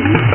Thank you.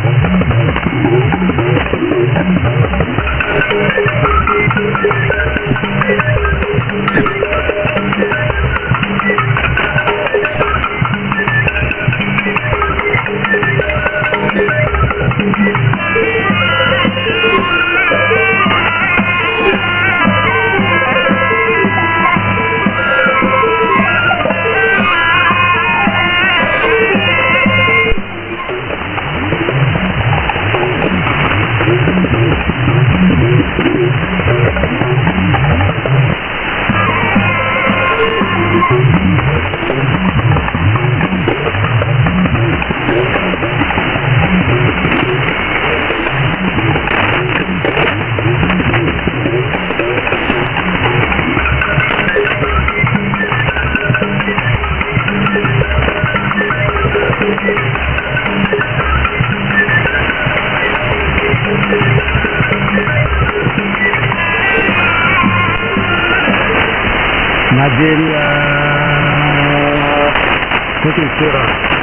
Nigeria. ¿qué te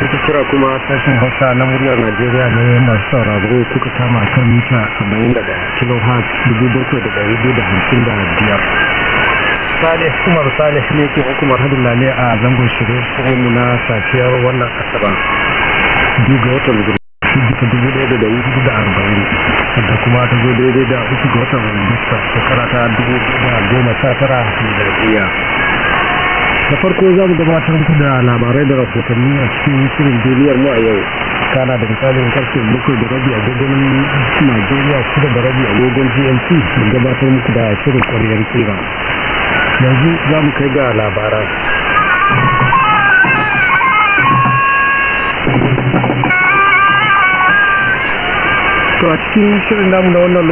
kuka kira kuma sashen hausa na muryar najeriya da masu sauraro kuka kama kan mita 40 daga da biyar. salih umar salih ne ke hukumar hadin lale a zangon shirin shiryenmu na safiyar wannan asaba duga watan gudunar dubu da dari hudu da arba'in da kuma ta zo daidai da uku ga watan rubista shekara ta dubu da goma sha tara da iya da farko za mu gabatar muku da labarai da rahotanni a cikin shirin duniyar mu a yau kana da misalin karfe bakwai da rabi a gogonin najeriya shida da rabi a gogon gmt da gabatar muku da shirin kwariyar kira yanzu za mu kai ga labaran to a cikin shirin namu na wannan